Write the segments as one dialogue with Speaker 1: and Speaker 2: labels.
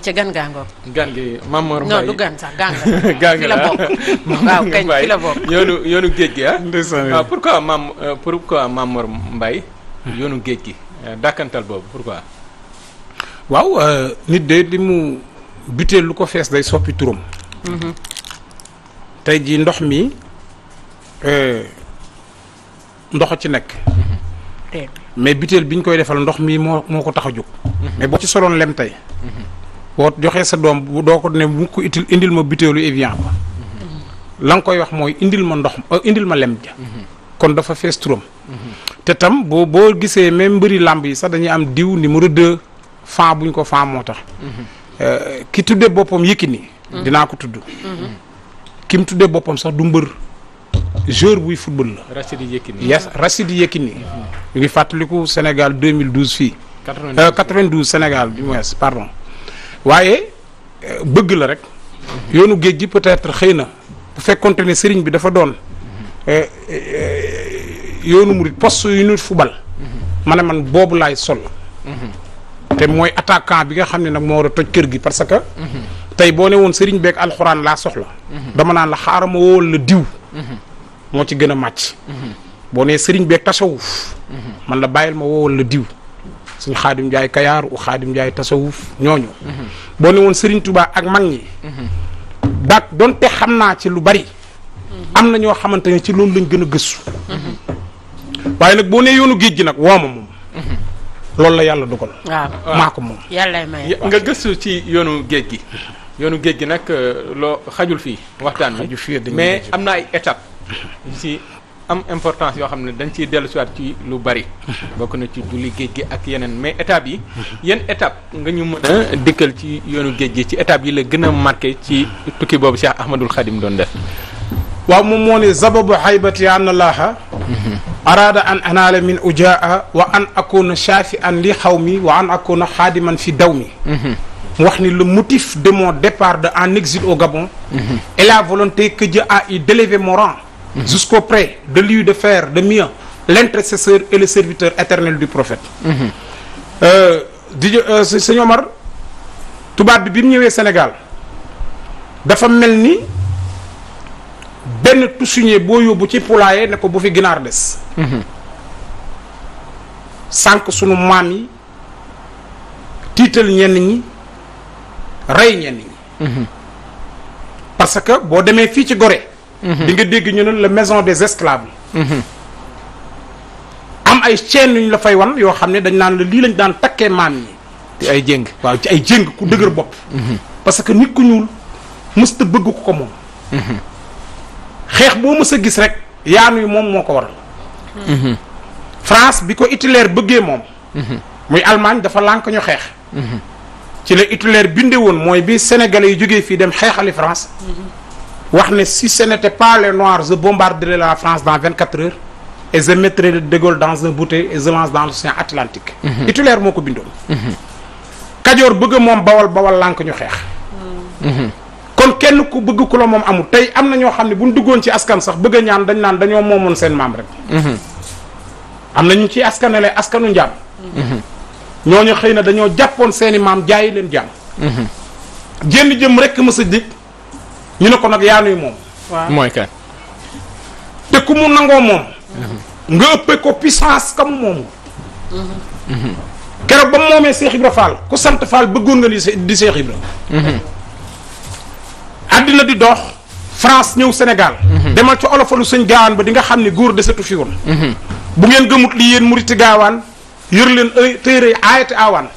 Speaker 1: ca gan gaa ngoog. gan gi sax gan
Speaker 2: la. fi la bokk waaw kañ fi la bokk. yoonu géej gi ah. ndeysaan ah, pourquoi Mame euh, pourquoi Mame yoonu géej gi euh, dàkkantal boobu pourquoi. waaw euh, nit de li mu butéel lu ko fees day soppi turam. Mm-hmm. tey jii ndox mi ndox ci nekk.
Speaker 3: Mm-hmm.
Speaker 2: mais butéel bi ñu koy defal ndox mi moo moo ko tax a jóg. Mm-hmm. mais boo ci soloon lem tey. boo joxee sa doom bu doo ko ne bu ko itil indil ma butéelu Évian ba mm-hmm. la nga koy wax mooy indil ma ndox euh, indil ma lem ja mm-hmm. kon dafa fees turam
Speaker 3: mm-hmm.
Speaker 2: te tam boo boo gisee même mbëri làmb yi sax dañu am diw numéro deux fan buñ ko fan moo tax euh, ki tuddee boppam Yékini dinaa ko tudd kim tuddee boppam sax du mbër joueur buy football la Rachidi Yékini yes Rachidi Yékini ñu ngi fàttaliku Sénégal 2012 fii 92 euh, Sénégal du moins pardon waaye euh, bëgg la rek yoonu géej gi peut-être xëy na bu fekkonte ne sëriñ bi dafa doon euh, euh, yoonu murit post yu ñu fubal ma ne man boobu laay sol te mooy attaquant bi nga xam ne nag moo war a toj kër gi parce que tey boo ne woon sëriñ beek alxuraan laa soxla dama naan la xaaral ma wool la diw moo ci gën a màcc boo nee sëriñ beeg tasawuf man la bàyyil ma woowal la diw suñ xaadim njaay kayaar u xaadim njaay tasawuf ñooñu boo ne woon sëriñ tubaa ak mag ñi daak donte xam naa ci lu bari am na ñoo xamante ne ci loolu lañ gën a gëstu waaye nag boo nee yoonu géej gi nag wooma moom loolu la yàlla dugal maa ko moom yàlla nga gëstu ci yoonu géej gi yoonu géej gi nag euh, loo xajul fii waxtaan wi mais am naa ay étape am importance yoo xam ne dañ ciy dellu siwaat ci lu bari. bokk na ci julli géej gi ak yeneen mais étapes yi yenn étape nga ñu mën a ci yoonu géej gi ci étape yi la gën a marqué ci tukki boobu Cheikh Ahmadul Xadim doon def waaw moom moo ne zababu xaybati mhm. an allaha araada an anaala min ujaa wa an akuna shaafi an li xaw mi wa an akuna xaadiman fi daw mi mhm. mu wax ni le motif de mon départ de en exil au Gabon mhm. est volonté que a eu d'élever mon jusqu'au près de lui de faire de mieux l'intercesseur et le serviteur éternel du prophète euh, di euh, sëñ Omar tubaab bi bi mu ñëwee Sénégal dafa mel ni benn tusuñe boo yóbbu ci poulailler ne ko bu fi ginaar des sànq sunu maam yi tiital ñenn ñi rey ñenn ñi mhm. parce que boo demee fii ci gore li nga dégg ñu ne la maison des esclaves am ay chaînes yu ñu la fay wan yoo xam ne dañ naan la lii lañ daan takkee maam yi ci ay jéng waaw ci ay jéng ku dëgër bopp mhm. parce que nit ku ñuul mësta bëgg ko ko moom mhm. xeex boo mës a gis rek yaanu yi moom moo ko waral mhm. France bi ko Hitler bëggee moom muy Allemagne dafa lànk ñu xeex ci la Hitler bindee woon mooy bi sénégal yi jógee fii dem xeexali France wax ne si ce n'était pas les noirs je bombarderais la France dans vingt quatre heures et je mettrais De Gaulle dans un bouteille et je lance dans l'océan Atlantique mhm. Hitler moo ko bindoon mhm. Kajoor bëgg moom bawal bawal lànk ñu xeex mhm. kon kenn ku bëgg ku la moom amul tey am na ñoo xam ne bu ñu duggoon ci askan sax bëgg ñaan dañ naan dañoo moomoon seen maam rek am na ñu ciy askanale askanu njaam ñu xëy na dañoo jàppoon seeni maam jaayi leen jaam jenn jëm rek mësa dikk ñu ne ko nag yaanuy moom. mooy kan. te ku mu nangoo moom. nga ëppee ko puissance ka mu moom. keroog ba mu moomee Seex Ibra Fall ku sant Fall bëggoon nga di Seex Ibra. àddina di dox France ñëw Sénégal. demal ci olofalu sëñ gaawaan ba di nga xam ne góor desatu fi woon. bu ngeen gëmut li yéen muriti gaawaan yër leen ay euh, téere aayati aawaan.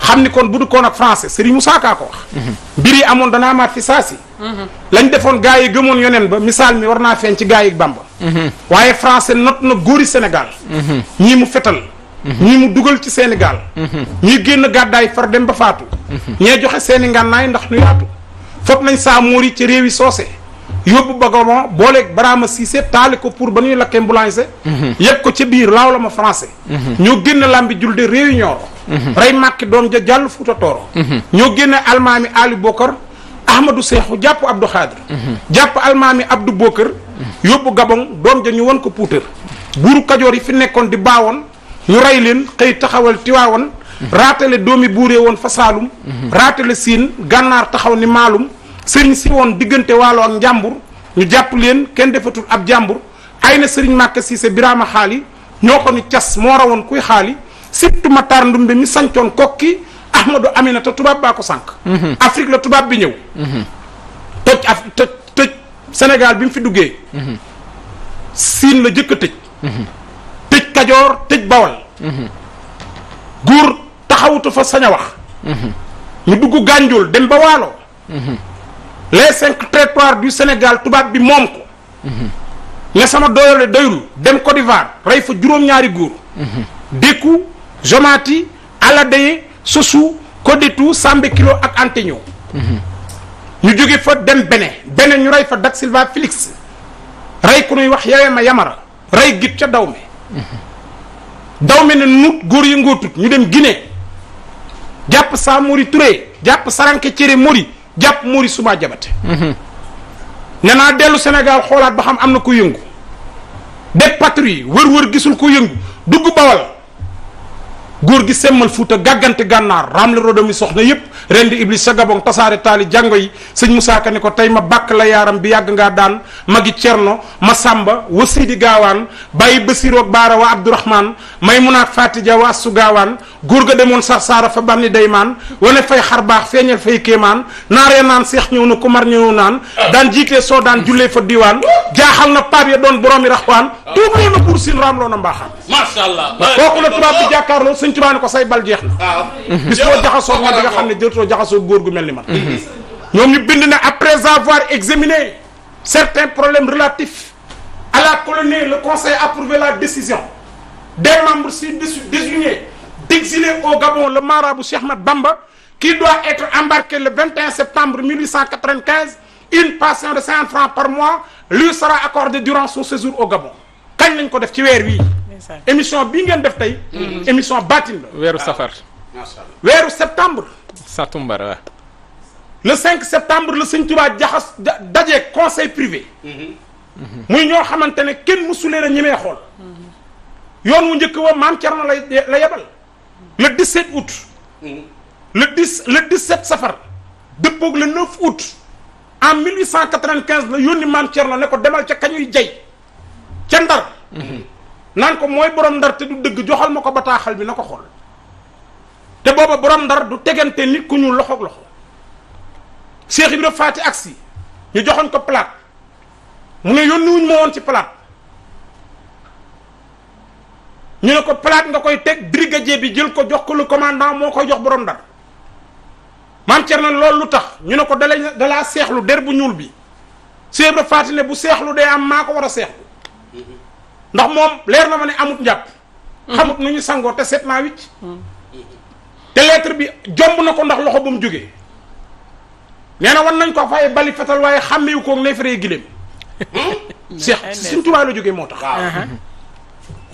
Speaker 2: xam ni kon bu du koon ak français yi mu Ka ko wax mbir yi amoon danaa maat fi saa si lañ defoon gars yi gëmoon yonen ba misaal mi war naa feeñ ci gaa yi Bamba waaye français not na góori Sénégal ñii mu fetal ñii mu dugal ci Sénégal ñii génn gàddaay far dem ba faatu ñee joxe seeni ngànnaay ndax nu yaatu foog nañ saa móor yi ci réew yi soose yóbbu bagabon booleeg baraama siise taale ko pour ba ñuy lakkee mbulancé yëpp ko ca biir laaw la ma français ñoo génn làmbi julde réew yi ñooro Mm-hmm. rey màkki doom ja jàll Fuuta Tooro mm-hmm. ñoo génne almaami Ali Bokar Ahmadou Seexu jàpp Abdou Xaadir mm-hmm. jàpp almaami Abdou Bokar yóbbu Gabon doom ja ñu won ko puutar buuru Kajoor yi fi nekkoon di baawoon ñu rey leen xëy taxawal Tiwaawan raatale doomi buuree woon fa Saalum raatale siin gànnaar taxaw ni maalum sëriñ si woon diggante waalo ak njàmbur ñu jàpp leen kenn defatul ab jàmbur ay na sëriñ Màkka Siise Biraama xaali ñoo ko ni cas moo rawoon kuy xaali surtout Matar Ndumbe mi sancoon kokki Ahmadou Aminata tubaab baa ko sànq. Mhm. Afrique la tubaab bi ñëw. Mhm. toj toj Sénégal bi mu fi duggee. Mhm. siin la jëkk a tëj. tëj Kajoor tëj Bawol. góor taxawutu fa sañ wax. ñu dugg Gànjool dem ba Waalo. les cinq territoires du Sénégal tubaab bi moom ko. ne sama doyale doyul dem Côte d'Ivoire rey fa juróom-ñaari góor. dékku. Jomati Aladeye Sossou Kodetu Sambé Kilo ak Anteño ñu jóge fa dem bene bene ñu rey fa Dac Silva Félix rey ku ñuy wax Yawema Yamara rey git ca Dawme Dawme ne nut góor yi ngootut ñu dem gine jàpp Samori Touré jàpp Saranké Céré Mori jàpp Mori Souma Jabate ne naa dellu senegal xoolaat ba xam am na ko yëngu def patrouille wër-wër gisul ko yëngu dugg Bawal góor gi semmal a gàggante gànnaar ramle rodomi soxna yépp ren di iblis sa gabon tasaare taali jàngo yi sëñ Moussa Ka ni ko tey ma bàkk la yaaram bi yàgg ngaa daan magi cerno ma sàmba wa sidi gaawaan bàyyi basiroog baara wa abdourahman may munaat fatidia wa assu gaawaan góor ga demoon sax saara fa banni maan wane fay xar baax feeñal fay kéemaan naaree naan seex ñëw na ku mar naan daan jiitee soo daan jullee fa diwaan jaaxal na paab ya doon boroomi raxwaan tuubaloo na buur siin raamloo na mbaaxaan macha allah kooku la tubaab bi jàkkaarloo sëñ tubaab ne ko say bal jeex na. waaw bis boo jaxasoo man di nga xam ne jërëtoo jaxasoo góor gu mel ni man. ñoom ñu bind na après avoir examiné certains problèmes relatifs à la colonie le conseil a approuvé la décision des membres si désignés d'exiler au Gabon le marabout Cheikh Ahmad Bamba qui doit être embarqué le 21 septembre 1895 une pension de 500 francs par mois lui sera accordée durant son séjour au Gabon kañ lañ ko def ci weer wii émission bii ngeen def tey. Mhm. émission baatin la. weeru safar. weeru septembre. satumbar waaw. le 5 septembre la sëñ jaxas daje conseil privé. Mhm. muy ñoo xamante ne kenn mësu leen a ñemee xool. Mhm. yoon wu njëkk wa maam Cerno la la yebal. le 17 août. le 10 le 17 safar. dëppoog le 9 août. en 1895 la yónni maam Cerno ne ko demal ca kañuy jay ca Ndar. naan ko mooy borom ndar te du dëgg joxal ma ko bataaxal bi na ko xol te booba borom ndar du tegante nit ku ñuul loxoog loxo Cheikh Ibra Faati agsi ñu joxoñ ko palaat mu ne yónniwuñ ci palaat ñu ne ko palaat nga koy teg brigadier bi jël ko jox ko le moo koy jox borom ndar maam Cerno loolu lu tax ñu ne ko dala dalaa seexlu der bu ñuul bi Cheikh Ibra Faati bu seexlu day am maa ko war a seexlu ndax moom leer na ma ne amut njàpp xamut nu ñu sangoo te set naa wicc te lettre bi jomb na ko ndax loxo ba mu jógee nee na wan nañ ko fay bali fetal waaye xàmmewu koog neefaree gileem hmm? seex suñ tubaa la jógee moo tax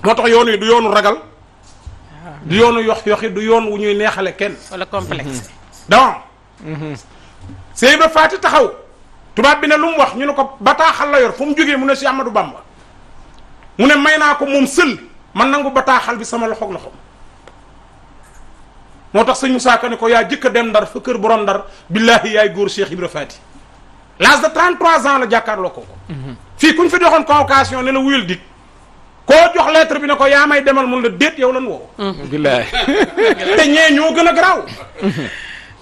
Speaker 2: moo tax yoon yi du yoonu ragal du yoonu yox yoxi du yoon wu ñuy neexale kenn wala complexe donc sëy ba faati taxaw tubaab bi ne lu mu wax ñu ne ko bataaxal la yor fu mu jógee mu ne si Amadou Bamba mu ne may naa ko moom sël man nangu bataaxal bi sama loxoog loxo moo tax sëñ Moussa ne ko yaa jëkk a dem ndar fa kër borom ndar billaahi yaay góor Cheikh Ibra Fati l'âge de 33 ans la jàkkaarloo ko ko mhm. fii kuñ fi doxoon convocation ne la wuyul dik koo jox lettre bi ne ko yaa may demal moom la déet yow lan woo
Speaker 3: mhm. billaahi
Speaker 2: te ñee ñoo gën a garaaw mhm.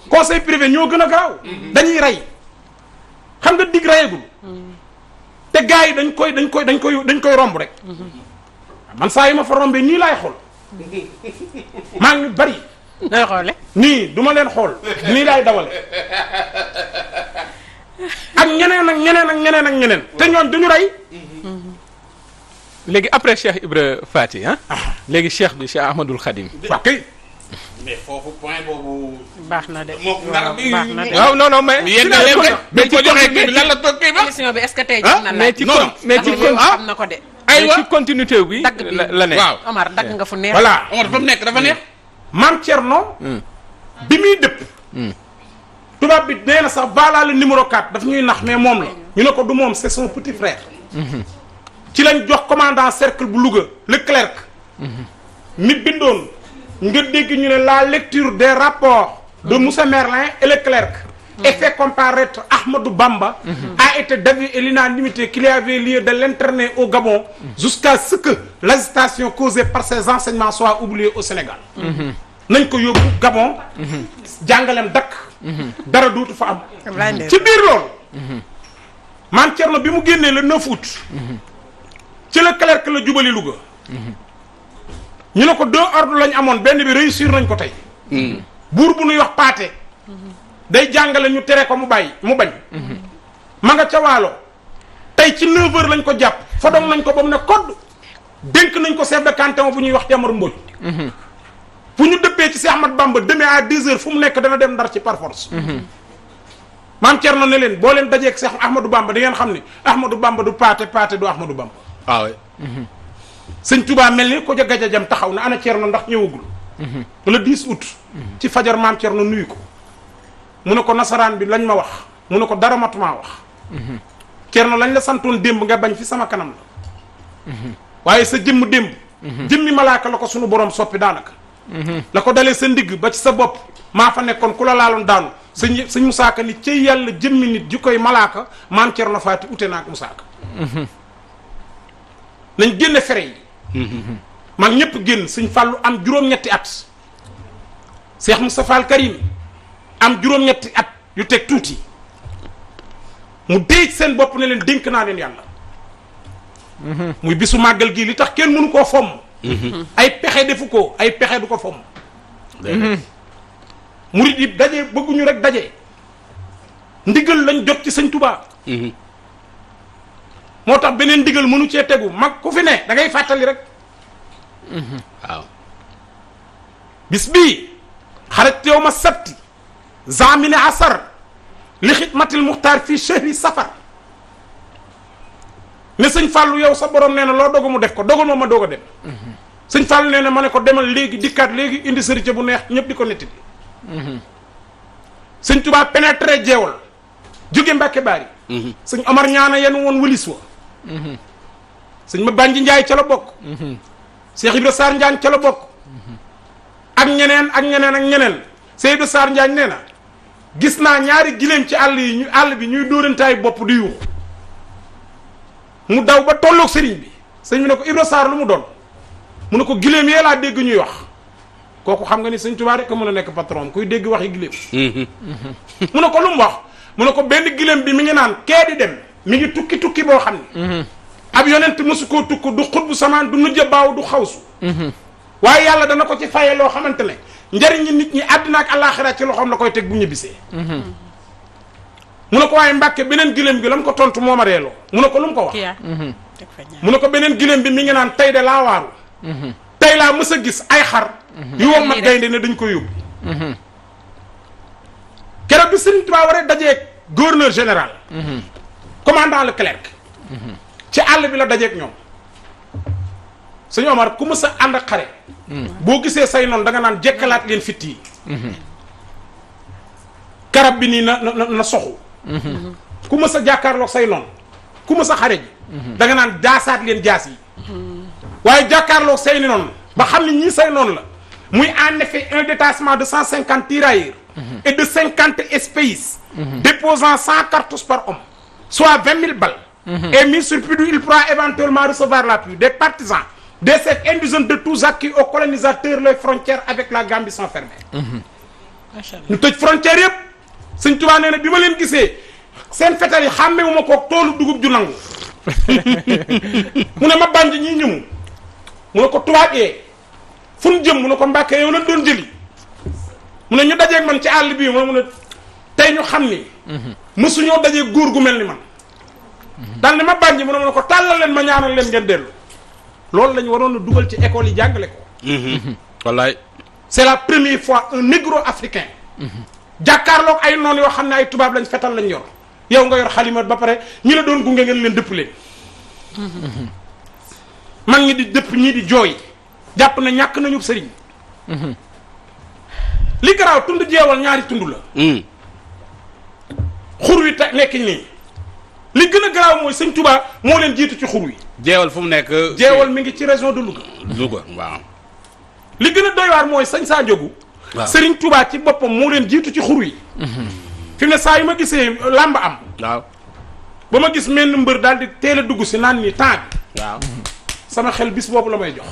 Speaker 2: conseil privé ñoo gën a garaaw dañuy rey xam nga dig rayegul te gars yi dañ koy dañ koy dañ koy dañ koy romb rek man saa yi ma fa rombee nii laay xool maa ngi bari nooy xoole nii duma leen xool nii laay dawale ak ñeneen ak ñeneen ak ñeneen ak ñeneen te ñoon duñu rey léegi après Cheikh Ibra Fati ah. Ah. léegi cheikh bi Cheikh Ahmadul Khadim waaw kay
Speaker 1: foofu point boobu. baax na de waaw
Speaker 2: non non mais. yéen a leen mais ci continuité bi lan
Speaker 1: la toog kii ba. bi est-ce que tey ah, jot na laaj. non mais ci am ah, na ko de.
Speaker 2: aywa continuité bi. dagg bi la ne waaw
Speaker 1: Omar dagg nga fu neex. voilà
Speaker 2: Omar fa nekk dafa neex. maam Thierno. Hmm. bi muy dëpp. Hmm. tubaab bi nee na sax baalaale numéro 4 daf ñuy nax mais moom la. ñu ne ko du moom c'est son petit frère. Hmm. ci lañ jox commandant cercle bu Louga Leclerc. mi bindoon. nga dégg ñu ne la lecture des rapports de Moussa Merlin et Leclerc et fait comparaître Ahmadou Bamba a été d'avis et li qu'il y avait lieu de l'interner au Gabon jusqu'à ce que l'agitation causée par ses enseignements soit oubliée au Sénégal nañ ko yóbbu Gabon jàngaleem dakk dara dootu fa am ci biir loolu maam Thierno bi mu génnee le 9 août ci Leclerc la jubali Louga ñu ne ko deux ordres lañ amoon benn bi réussir nañ ko tey. Hmm. buur bu ñuy wax paate. day jàngale ñu tere ko mu bàyyi mu bañ. ma nga ca waalo tey ci 9h lañ ko jàpp fodong nañ ko ba mu ne kodd dénk nañ ko chef de canton bu ñuy wax Jamar Mbodj. Hmm. bu ñu dëppee ci Seex Ahmad Bamba demee à 10h fu mu nekk dana dem ndar ci par force. Hmm. maam Thierno ne leen boo leen dajeeg Seex Ahmadou Bamba di ngeen xam ne Ahmadou Bamba du paate paate du Ahmadou Bamba. Ah sëñ Touba mel ni ko ja gajajam taxaw na ana Thierno ndax ñëwagul. Mhm. le 10 août. Mhm. ci fajar maam Thierno nuyu ko. mu ne ko nasaraan bi lañ ma wax mu ne ko dara matumaa wax. Thierno mhm. lañ la santoon démb nga bañ fi sama kanam
Speaker 3: la.
Speaker 2: waaye sa jëmm démb. jëmmi malaaka la ko sunu borom soppi daanaka. la ko dalee sa ndigg ba ci sa bopp maa fa nekkoon ku la laaloon daanu sëñ sëñ Musaa Ka ni ci yàlla jëmmi nit ji koy malaaka maam Thierno Faati ute naa ak Musaa Ka nañ mag ñëpp génn sëñ fàllu am juróom-ñetti at Cheikh Moustapha al Karim am juróom-ñetti at yu teg tuuti mu déej seen bopp ne leen dénk naa leen yàlla muy bisu màggal gii li tax kenn mënu koo fomm ay pexe defu ko ay pexe du ko fomm mu yi daje bëgguñu rek daje ndigal lañ jot ci sëñ Tuubaa moo tax beneen digal mënu cee tegu mag ku fi ne da ngay fàttali rek waaw bis bii xarajte yow ma sabti zamine asar li xidmatil muxtaar fii chehri safar ne sëñ fàllu yow sa borom nee na loo dogu mu def ko dogal ma ma doog a dem sëñ fàllu nee na ma ne ko demal léegi dikkaat léegi indi sërite bu neex ñëpp di ko netti bi sëñ tubaa pénétré jeewal jóge mbàkke baari mhm. sëñ omar ñaana yen woon wëlis wa sëñ ma bànji njaay ca la bokk Cheikh Ibra Sarr Njaañ ca la bokk ak ñeneen ak ñeneen ak ñeneen Cheikh Ibra Sarr Njaañ nee na gis naa ñaari giléem ci àll yi ñu àll bi ñuy dóorantaay bopp di yuux mu daw ba tolloog sëriñ bi sëñ bi ne ko Ibra Sarr lu mu doon mu ne ko giléem yee laa dégg ñuy wax kooku xam nga ni sëñ Tuubaa rek a mën a nekk patron kuy dégg waxi giléem
Speaker 3: mm-hmm.
Speaker 2: mu ne ko lu mu wax mun ne ko benn giléem bi mi ngi naan kee di dem mu ngi tukki tukki boo xam ne mhm. ab yonent mësu koo tukk du xutbu samaan du nujja baaw du xawsu mhm. waaye yàlla dana ko ci faye loo xamante ne njariñi nit ñi àddina ak àllaaxira ci loxoom la koy teg bu ñibbisee mhm. mu ne ko waaye mbàkke beneen giléem bi la mu ko tontu mooma reeloo mu ne ko lu mu ko wax mu ne ko beneen giléem bi mi ngi naan tey de laa waaru tey laa mës a gis ay xar
Speaker 3: yu wom mat gaynde
Speaker 2: ne dañ ko yóbbu keroog bi Sëriñ Tuubaa waree dajee gouverneur général commandant le Leclerc ci àll bi la dajeeg ñoom sëñ Omar ku mës a ànd ak xare boo gisee say noonu danga nga naan jekkalaat leen fitt yi karab bi nii na na na soxu ku mës a jàkkaarloog say noonu ku mës a xare ji da nga naan jaasaat leen jaas yi waaye jàkkaarloog say noonu ba xam ne ñii say noonu la muy en effet un détachement de cent cinquante tirailleurs et de cinquante espèces déposant cent cartouches par homme soit vingt mille balles. Mhm. et mis sur pied il pourra éventuellement recevoir l'appui des partisans de cet indigène de tous acquis aux colonisateurs les frontières avec la Gambie sont fermées.
Speaker 3: Mhm. macha
Speaker 2: allah frontière yëpp Sëñ Tuubaa nee na bi ma leen gisee seen fetal yi xàmmewu ma ko toolu dugub ju nangu mu ne ma bànj ñii ñëmu mu ne ko tubaab yee fu jëm mu ne ko mbàkkee yow la doon jëli mu ne ñu dajeeg man ci àll bii mu ne tey ñu xam ni. mësuñoo dajee góor gu mel ni man. daal ne ma bànji mu ne ma ko tàllal leen ma ñaanal leen ngeen dellu. loolu la ñu waroon a dugal ci école yi jàngale ko. wallaay. c'est la première fois un négro africain. jàkkaarlook ay noon yoo xam ne ay tubaab lañ fetal lañ yor. yow nga yor xalimat ba pare ñi la doon gunge ngeen leen dëpp leen. man ngi di dëpp ñii di jooy. jàpp na ñàkk nañu sëriñ. Mhm. li garaaw tund jeewal ñaari tund la. Mm. xur wi ta nekk nii li gën a garaaw mooy sëñ Touba moo leen jiitu ci xur wi. jeewal fu mu nekk. jeewal mi ngi ci région de Louga. Louga waaw. li gën a doy mooy sëñ Sa Ndiogou. waaw Serigne Touba ci boppam moo leen jiitu ci xur yi. Mhm. fi mu ne saa yi ma gisee làmb am. waaw ba ma gis menn mbër daal di teel a dugg si naan ni temps bi. sama xel bis boobu la may jox.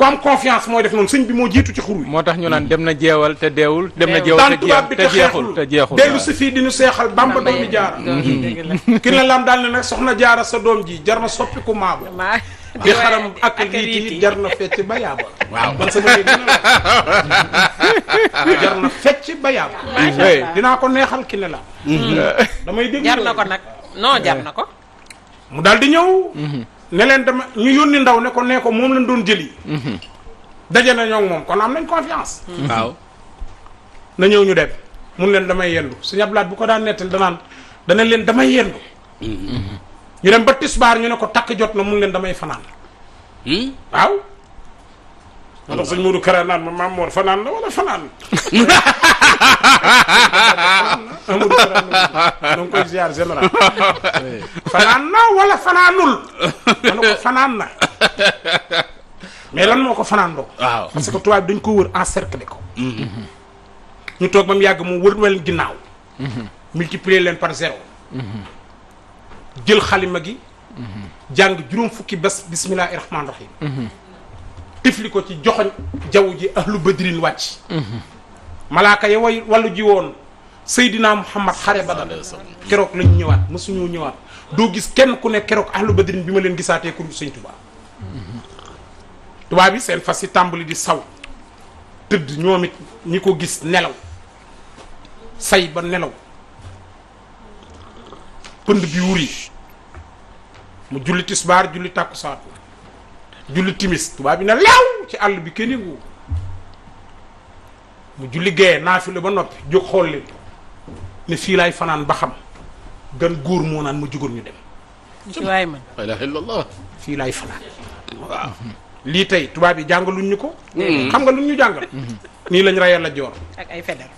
Speaker 2: ku am confiance mooy def noonu suñ bi moo jiitu ci xur wi. moo tax ñu naan dem na jeewal te deewul. dem na jeewal te jeexul te jeexul dellu si fii di ñu seexal bamba doomi jaara. Mhm. ki ne daal ne nag soxna jaara sa doom ji jar na soppi ku maabu. di xaram ak riiti jar na fecc ba yaaba. waaw man sama léegi jar na fecc ba yaaba. dinaa ko neexal ki ne la. Mhm. damay dégg jar na ko nag na ko. mu daal di ñëw. Mhm. ne leen dama ñu yónni ndaw ne ko ne ko moom lañ doon jëli. Mhm. daje na ñoo moom kon am nañ confiance. Mhm. waaw na ñëw ñu dem mun leen damay yendu suñu ablaat bu ko daan nettal danaan dana leen damay yendu. Mhm. ñu dem ba tisbaar ñu ne ko takk jot na mun leen damay fanaan. Hmm? waaw. moo tax sëñ Modou Kara naan ma maam Mor fanaan la wala fanaan la ma ne ko fanaan na mais lan moo ko fanaandoo waaw parce que tubaab dañ ko wër encercler ko ñu toog ma mu yàgg mu wër wel ginnaaw multiplier leen par zéro jël xalima gi jàng juróom fukki bés bismillahi rahmaani rahim tifli ko ci joxoñ jaww ji ahlu badrin wàcc malaaka ya way wàllu ji woon Seydina Muhammad xare Badar keroog lañ ñëwaat mësuñoo ñëwaat doo gis kenn ku ne keroog ahlu badrin bi ma leen gisaatee ku sëñ Tuubaa tubaab bi seen fas yi tàmbali di saw tëdd ñoom it ñi ko gis nelaw say ba nelaw pënd bi wuri mu julli tisbaar julli tàkkusaan julli timis tubaab bi na leew ci àll bi kenn yëngu mu julli gee naafila ba noppi jóg xool leen fii laay fanaan ba xam gën góor moo naan ma jugoon ñu dem. waay fii laay fanaan lii tey tubaab yi jàngaluñ ñu ko. Mm-hmm. xam nga luñ ñu jàngal. Mm-hmm. nii lañ rayal la joor. ak ay feder.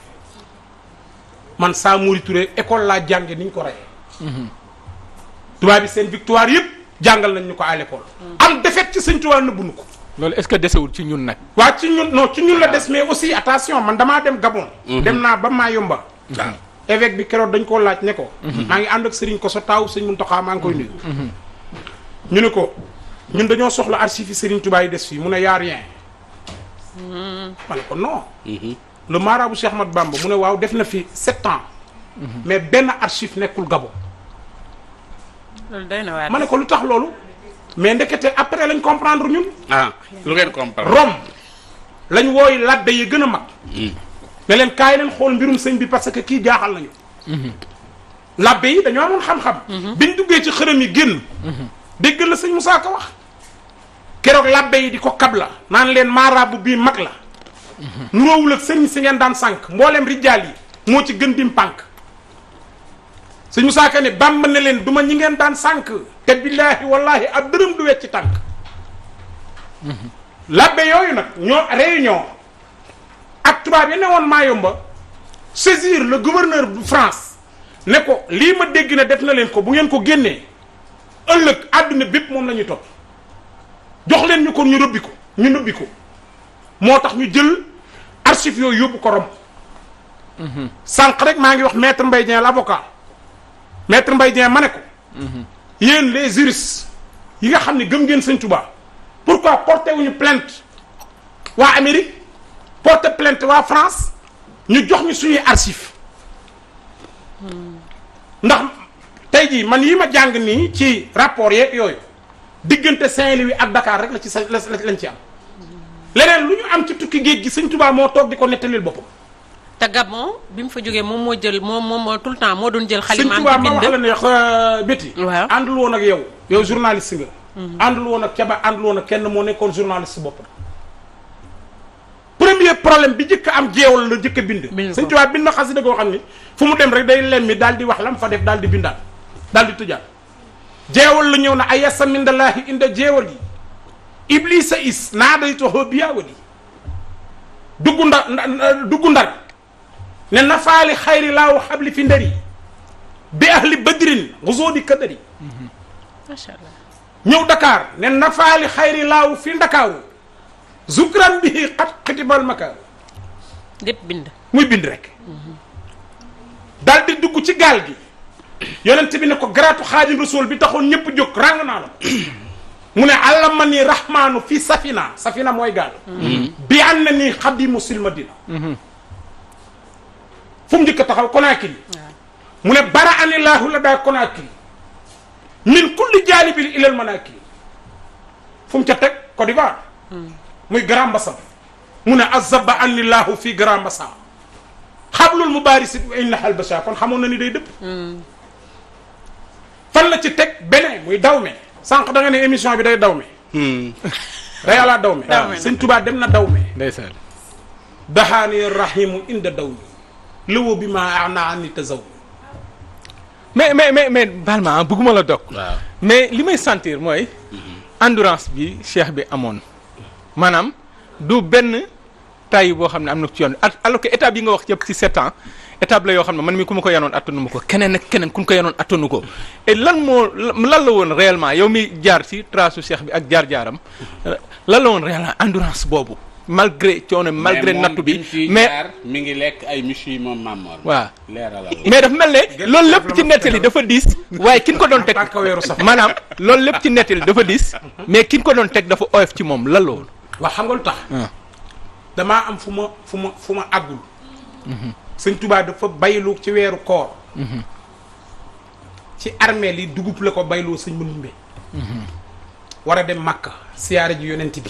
Speaker 2: man Samori Touré école laa jànge niñ ko rayee. Mm-hmm. tubaab yi seen victoire yëpp. jàngal nañ ñu ko à am defet ci sëñ Tuubaa nëbbu nu ko loolu est-ce que desewul ci ñun nag waa ci ñun non ci ñun la des mais aussi attention man damaa dem Gabon mhm. dem naa ba Mayumba mhm. évêque bi keroog dañ koo laaj ne ko mhm. maa ngi ànd ak sëriñ ko sa taaw sëñ Muntaxa maa ngi koy nuyu ñu ne ko ñun dañoo soxla archives yi sëriñ Tuubaa yi des fii mu ne yaa rien ma ne ko non le marabout Cheikh Ahmad Bamba mu ne waaw def na fi sept ans mais benn archive nekkul Gabon
Speaker 1: loolu na waar ma ne ko
Speaker 2: lu tax loolu. mais ndekete après lañ comprendre ñun. ah lu ngeen comprendre. Rome lañ woy làbbe yi gën a mag. Hmm. ne leen kaay leen xool mbirum sëñ bi parce que kii jaaxal nañu. Hmm. làbbe yi dañoo amoon xam-xam. Hmm. biñ duggee ci xërëm yi génn. dégg la sëñ Moussa Ka wax. keroog làbbe yi di ko kab la naan leen maaraabu bii mag la. nuroowul ak sëñ si ngeen daan sànq mboolem rijaal yi moo ci gën dim pànk. suñu Musaa Ka ne Bàmba ne leen duma ñi ngeen daan sànk te billaahi wallaahi ab dërëm du ci tànk mhm. labbe yooyu nag ñoo réunion ak tubaab yi ne woon Mayumba saisir le gouverneur bu France ne ko lii ma dégg ne def na leen ko bu ngeen ko génnee ëllëg àdduna bépp moom nañu ñuy topp jox leen ñu ko ñu rëbbi ko ñu nëbbi ko moo tax ñu jël archives yooyu yóbbu ko Rome mhm. sànq rek maa ngi wax maître Mbaye Dieng l'avocat maître mbay Dieng ma ne ko. Mhm. yéen les juristes yi nga xam ne gëm ngeen sëñ Touba pourquoi porté wuñu plainte waa Amérique porté plainte waa France ñu jox ñu suñuy archives hmm. ndax tey jii man yi ma jàng nii ci rapport yeeg yooyu diggante Saint-Louis ak Dakar rek la ci la lañ ci am hmm. leneen lu ñu am ci tukki géej gi sëñ Touba moo toog di ko nettalil boppam. te
Speaker 1: Gabon bi mu fa jógee moom moo jël moom moom tout le temps moo doon jël. xalimaam di bind wax
Speaker 2: la ne euh, yow yow journaliste nga. Mhm. àndul woon ak kenn moo nekkoon journaliste boppam. premier problème bi njëkk am jeewal la njëkk a bind. Sëñ Tuubaa bind na xasida goo xam ne fu mu dem rek day lemmi daal di wax fa def daal di bindaat daal di tëjaat. la ñëw na ayasa mindallaahi inda jeewal yi iblisa is naa day toxoo biyaawal yi dugg ndar dugg ndar ne nafaali xayri laaw xabli fi ndëri bi ahli badrin ngusoodi kadari macha allah ñëw Dakar ne nafaali xayri laaw fi ndakaawu zukran bi xat xitibal makaaw lépp bind muy bind rek daal di ci gaal gi yonent bi ne ko garaatu xaadim rasul bi taxu ñëpp jóg ràng naa la mu ne allama ni rahmaanu fi safina safina mooy gaal mm-hmm. bi an na ni xadimu silmadina mm-hmm. fu mu njëkk a taxaw Conakry mu ne bara anilaahu la daa Conakry min kulli jaanibin ilal manaakiri fu mu ca teg Côte d'Ivoire hmm. muy Grand Bassam mu ne azaba anilaahu fii Grand Bassam xablul mubaarisi inna halbasha kon xamoon na ni day dëpp hmm. fan la ci teg beneen muy dawme sànq da émission bi day dawme day alaa dawme sëñ Tuubaa dem na dawme ndeysaan dahaani rahimu inda dawmi lëwoo bi ma naa ni tasaw mais mais mais mais baal ma ah, bëgguma la dog mais li may sentir mooy mhm. endurance bi cheikh bi amoon maanaam du benn tay boo xam ne am na ci yoon bi alors que étape yi nga wax yëpp ci sept ans étape la yoo xam ne man mi ku ma ko yanoon attanu ko keneen ak keneen ku ma ko yanoon attanu ko lan moo lan la woon réellement yow mi jaar ci trasu su bi ak jaar-jaaram lan la woon réellement endurance boobu malgré coono malgré nattu bi mais mi ngi lekk ay miches yi moom Mamor. waaw mais dafa mel ne loolu lépp ci nettali dafa diis waaye ki ko doon teg maanaam loolu lépp ci nettali dafa diis mais ki ko doon teg dafa ci moom la loolu. waa xam nga lu tax. Ah. damaa am fu ma fu ma fu ma àggul. Mhm. sëñ Tuubaa dafa baylu ci weeru koor. Mhm. ci armée li dugub la ko bayloo sëñ Mandumbe. Mhm. war a dem Màkka siyaare ji yonent bi.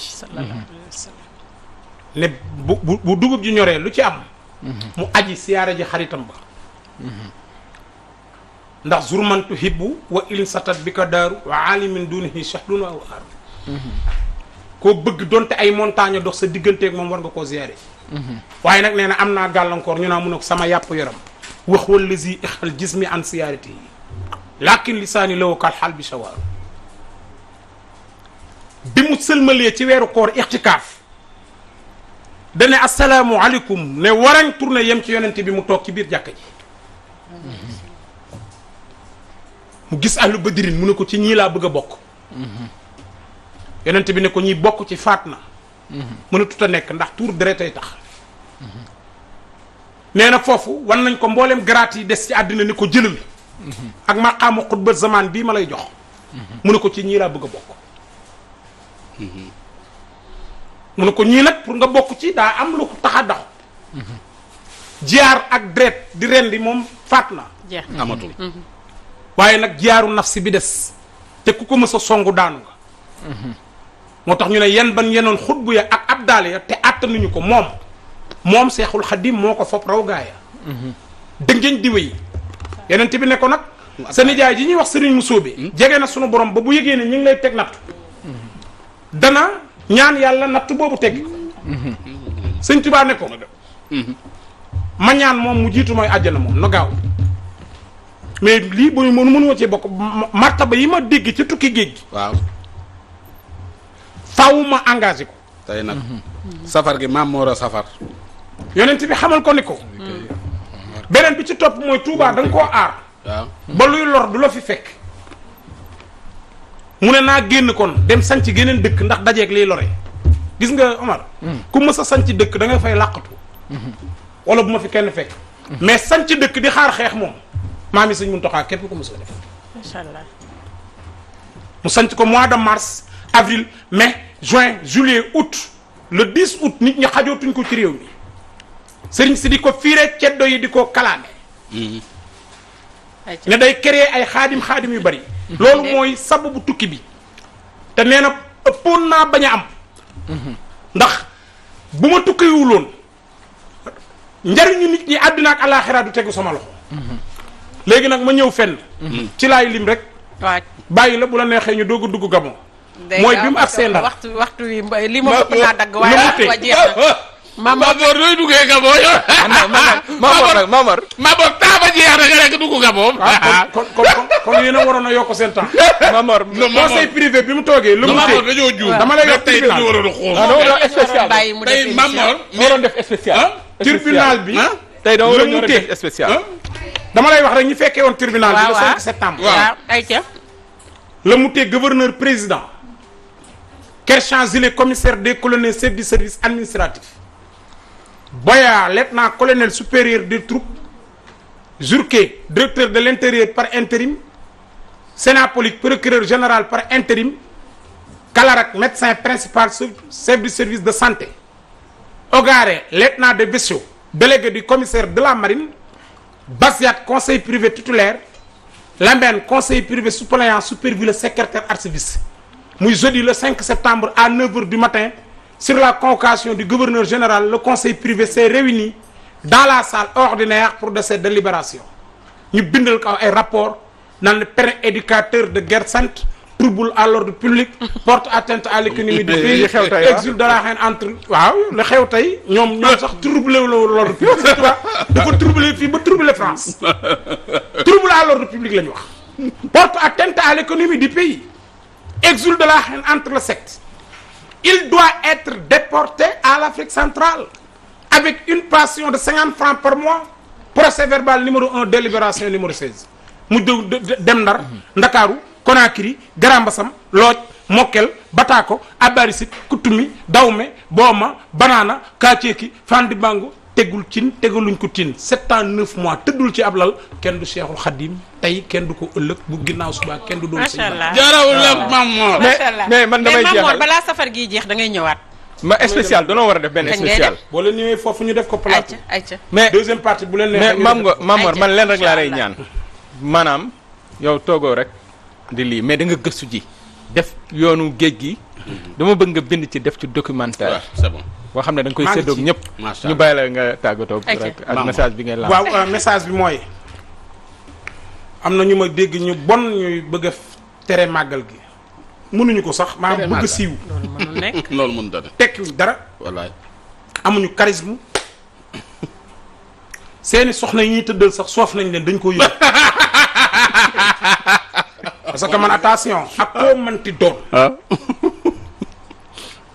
Speaker 2: lépp bu bu dugub ji ñoree lu ci am. Mhm. mu aji siyaare ji xaritam ba. Mhm. ndax zurman tuhibbu wa ilin satat bi ka daaru wa alimin dunihi shahdun aw aar mhm. koo bëgg donte ay montagne dox sa digganteeg moom war nga koo siyaare. waaye nag nee am naa gàllankoor ñu naa mun ak sama yàpp yaram wax wala si xel gis mi an siyaarati yi lisaani la wakal xal bi shawaaru bi mu sëlmalee ci weeru koor ixtikaaf dane assalaamu aleykum ne warang tourné yem ci yonent bi mu toog ci biir jàkka ji mu gis ahlu badirin mu ne ko ci ñii laa bëgg a bokk yonent bi ne ko ñiy bokk ci faat na mënatut a nekk ndax tuur deretay tax nee na foofu war nañ ko mbooleem garaat yi des ci àddina ni ko jëlal ak maqaamu xutba zamaan bii ma lay jox mu ne ko ci ñii laa bëgg a bokk mu ne ko ñii nag pour nga bokk ci daa am lu ko tax a dox. jiyaar ak deret di ren di moom faat na. amatul. Mhm. waaye nag jiyaaru nafsi bi des te ku ko mës songu daanu nga. Mhm. moo tax ñu ne yan ban yenoon xutbu ya ak ab daale ya te àttanuñu ko moom moom seexul xadim moo ko fob raw gaaya mhm. dëngeñ diwe yi yeneen bi ne ko nag sa nijaay yi ñuy wax sëriñ Musóobe hmm? jege na sunu borom ba bu yëgee ne ñu ngi lay teg natt dana ñaan yàlla natt boobu teggi ko sëñ Tuubaa ne ko ma ñaan moom mu jiitu mooy àjjana moom na gaaw mais lii bu ñu mënuma cee bokk ba yi ma dégg ci tukki géej gi waaw ma engagé ko tey nag safar gi maam moor a yonent bi xamal ko ne ko mm. beneen bi ci topp mooy Tuubaa da nga koo aar ba luy lor du la fi fekk mu ne naa génn kon dem sanc geneen dëkk ndax dajeeg liy lore gis nga Omar. Hmm. ku sanc dëkk da nga fay làqatu hmm. wala bu ma fi fekk. Hmm. mais sanc dëkk di xaar xeex moom maam yi sëñ Muntaxa képp ko mës a def. macha allah. mu sanc ko mois de mars avril mai juin juillet août le 10 août nit ñi xajootuñ ko ci réew mi sëriñ si di ko fiire ceddo yi di ko kalaame. ne day créer ay xaadim xaadim yu bari. loolu mooy sababu tukki bi te nee na ëppoon naa bañ a am ndax bu ma tukkiwuloon njariñu nit ñi àddina ak alaaxira du tegu sama loxo léegi nag ma ñëw fenn ci laay lim rek bàyyi la bu la neexee ñu doog a dugg gabon mooy bi mu agsee ndar
Speaker 1: waxtu waxtu wi li ma bëgg naa dagg waaye wax jeex
Speaker 2: Mamar Mamar nooy duggee Gabon yow. Mamar Mamar Mamar temps ba jeex na nga nekk ah, kon kon kon waroon a yokk seen temps. Mamar conseil privé bi mu toogee. lu mu tey dañoo juum dama lay def a xool. non ah, tey Mamar. Ah, tribunal bi. tey dama lay wax rek ñu fekkee woon tribunal bi. le 5 septembre. waaw ay ca. la mu tee gouverneur président. Kerchan Zile commissaire des colonies chef service administratif. Boya lieutenant-colonel supérieur des troupes Jourquet directeur de l'intérieur par intérim Sénapolique procureur général par intérim Kalarak médecin principal chef du service de santé Ogare lieutenant de vaisseau délégué du commissaire de la marine Bassiat conseil privé titulaire Lambène conseil privé suppléant supervise le secrétaire archiviste muy jeudi le 5 septembre à 9 heures du matin sur la convocation du gouverneur général le conseil privé s'est réuni dans la salle ordinaire pour de ses délibérations ñu bindal ko ay rapport naan le parrain éducateur de guerre sainte trouble à l'ordre public porte atteinte à l'économie du pays exulte de la haine entre waaw la xew tey ñoom ñoom sax trouble l'ordre public c'est toi dafa trouble fii ba trouble France trouble à l'ordre public la ñu wax porte atteinte à l'économie du pays exulte de la haine entre les sectes il doit être déporté à l'Afrique centrale avec une pension de cinquante francs par mois procès verbal numéro un délibération numéro 16 mu dem Ndar Ndakaaru Conakry Grand Bassam Lodj Mokkel Batako Abarisit Kutumi Dawme Booma Banana Kaceeki Fandi tegul cin tegaluñ ko tin sept ans mois tëddul ci ab lal kenn du Cheikhul Khadim tey kenn du ko ëllëg bu ginnaaw subaa kenn du doon sëñ jaarawul la Mam Mor mais man damay jeexal mais Mam Mor gii jeex da ngay ñëwaat ma spécial danoo war a def benn spécial boo leen ñëwee foofu ñu def ko plateau mais deuxième partie bu leen mais Mam nga Mam man leen rek laa lay ñaan maanaam yow toogoo rek di lii mais da nga gëstu ji def yoonu géej gi dama bëgg nga bind ci def ci documentaire c'est boo xam ne da nga koy séddoog ñëpp ñu bàyyi la nga tàggatoo rek ak message bi ngay laaj waaw message bi mooy am na ñu ma dégg ñu bon ñuy bëgg tere màggal gi mënuñu ko sax maa bëgg siiw loolu mënul nekk tekkiwuñ dara wallaay amuñu seeni soxna yi ñuy tëddal sax soof nañ leen dañ ko yëg parce que man attention ak koo mënti doon ah.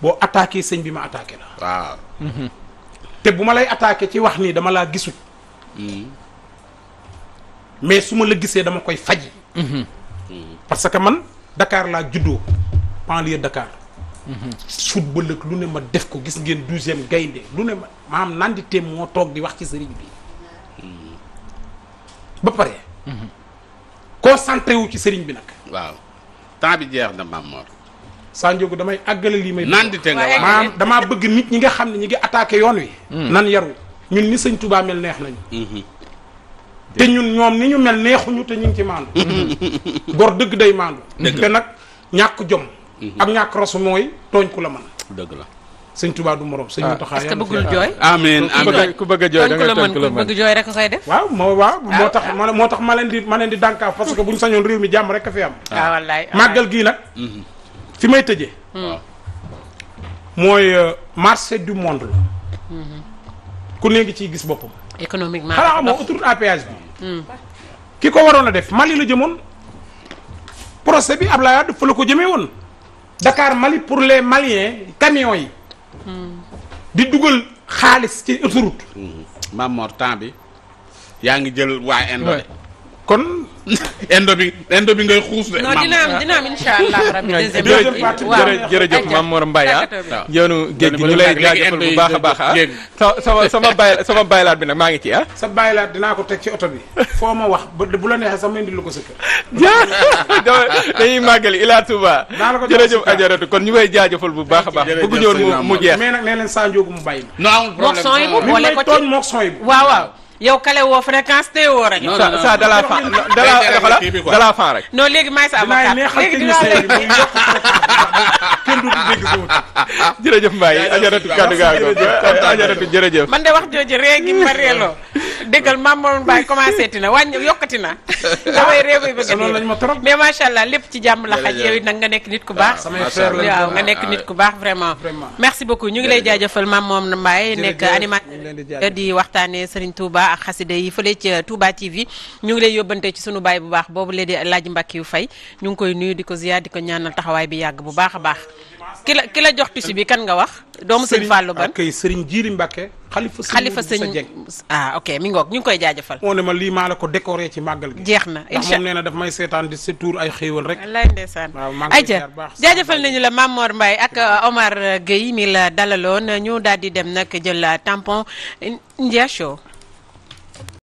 Speaker 2: boo attaqué sëñ bi ma attaqué la. waaw. te bu ma lay attaqué ci wax nii dama laa gisut. Hmm. mais su ma la gisee dama koy faj. Hmm. parce que man dakaar laa juddoo banlieue Dakar. Hmm. football ak lu ne ma def ko gis ngeen douzième gaynde lu ne ma maam nanditeem moo toog di wax ci sëriñ bi. ba pare. concentré wu ci sëriñ bi nag. waaw temps bi jeex na Mame Mor Sanjogu damay àggale lii may. naan di teg nga maanaam damaa bëgg nit ñi nga xam ne ñi ngi attaqué yoon wi. Hmm. nan yaru ñun ni sëñ Touba mel neex nañu. Hmm. te ñun ñoom ni ñu mel neexuñu te ñu ngi ci maandu. Hmm. gor dëgg day maandu. te nag ñàkk jom. ak ñàkk rasu mooy tooñ ku la mën. dëgg la. sëñ Touba du morom sëñ ah. Mountakha est-ce que bëggul jooy amiin amiin ku bëgg a jooy da ngay tënk la mën bëgg jooy rek koy def waaw moo waaw ah. moo tax moo tax ma leen di ma leen di dànkaaf parce que buñ sañoon réew mi jàmm rek a fi am ah, gii nag fi may tëjee. Hmm. mooy euh, marché du monde la. Hmm. ku ne ngi gis boppam.
Speaker 1: économiquement xanaa xamoo
Speaker 2: autoroute à péage bi. Hmm. ki ko waroon a def Mali la jëmoon procès bi Ablaye Wade fa la ko jëmee woon Dakar Mali pour les malien camions yi. di dugal xaalis ci autoroute. Mamor temps bi yaa ngi jël waa Inde. kon indo bi indo bi ngay xuus de. non dina am dina
Speaker 1: am incha allah rabbi deuxième jërëjëf Mame Mor Mbaye ah.
Speaker 2: ah. yoonu géej gi ñu lay jaajëfal bu baax a baax ah. sama sama bay sama baylaat bi nag maa ngi ci ah. sa baylaat dinaa ko teg ci oto bi foo ma wax ba bu la neexee sax ma indil ko sa kër. dañuy màggali Ila Touba. jërëjëf ajaratu kon ñu lay jaajëfal bu baax a baax. bëgg ñoon mu jeex mais nag nee leen saa njóogu mu bàyyi ma. non amul problème mook son yi bu boole yow
Speaker 1: kale woo fréquence te woo rajo. non non non dala fan dala fan rek. non léegi maa ngi sa
Speaker 2: avocat léegi dinaa jërëjëf Mbaye ajaratu kàddu gaa ko ajaratu jërëjëf. man de wax
Speaker 1: jooju rek gi ma reeloo déggal maam Moroune Baye commencé na wàññi yokkati na. damay réew mi bëgg a dee mais macha allah lépp ci jàmm la xaj yow it nag nga nekk nit ku baax. Ah, waaw nga nekk ah, nit ku baax vraiment. merci beaucoup ñu ngi lay jaajëfal maam Moroune Mbaye nekk animateur di waxtaanee Serigne Touba ak xasida yi fële ci euh, Touba TV ñu ngi lay yóbbante ci sunu baay bu baax boobu la di Alaaji Mbàkke yu fay ñu ngi koy nuyu di ko ziyaar di ko ñaanal taxawaay bi yàgg bu baax a baax ki la ki la jox tissu bi kan nga wax.
Speaker 2: doomu sëñ Fallou ban ak sëriñ Jiiri Mbacke. xalifa sëñ xalifa sëñ
Speaker 1: ah ok mi ngoog ñu ngi koy jaajëfal. moo ne ma lii maa la ko décoré ci màggal gi. jeex na incha
Speaker 2: daf may seetaan di setuur ay xéewal rek. wallaay ndeysaan waaw maa ngi
Speaker 1: jaajëfal nañu la Mame Mor Mbaye ak euh, Omar Gueye mi la dalaloon ñu daal di dem nag jël tampon India Show.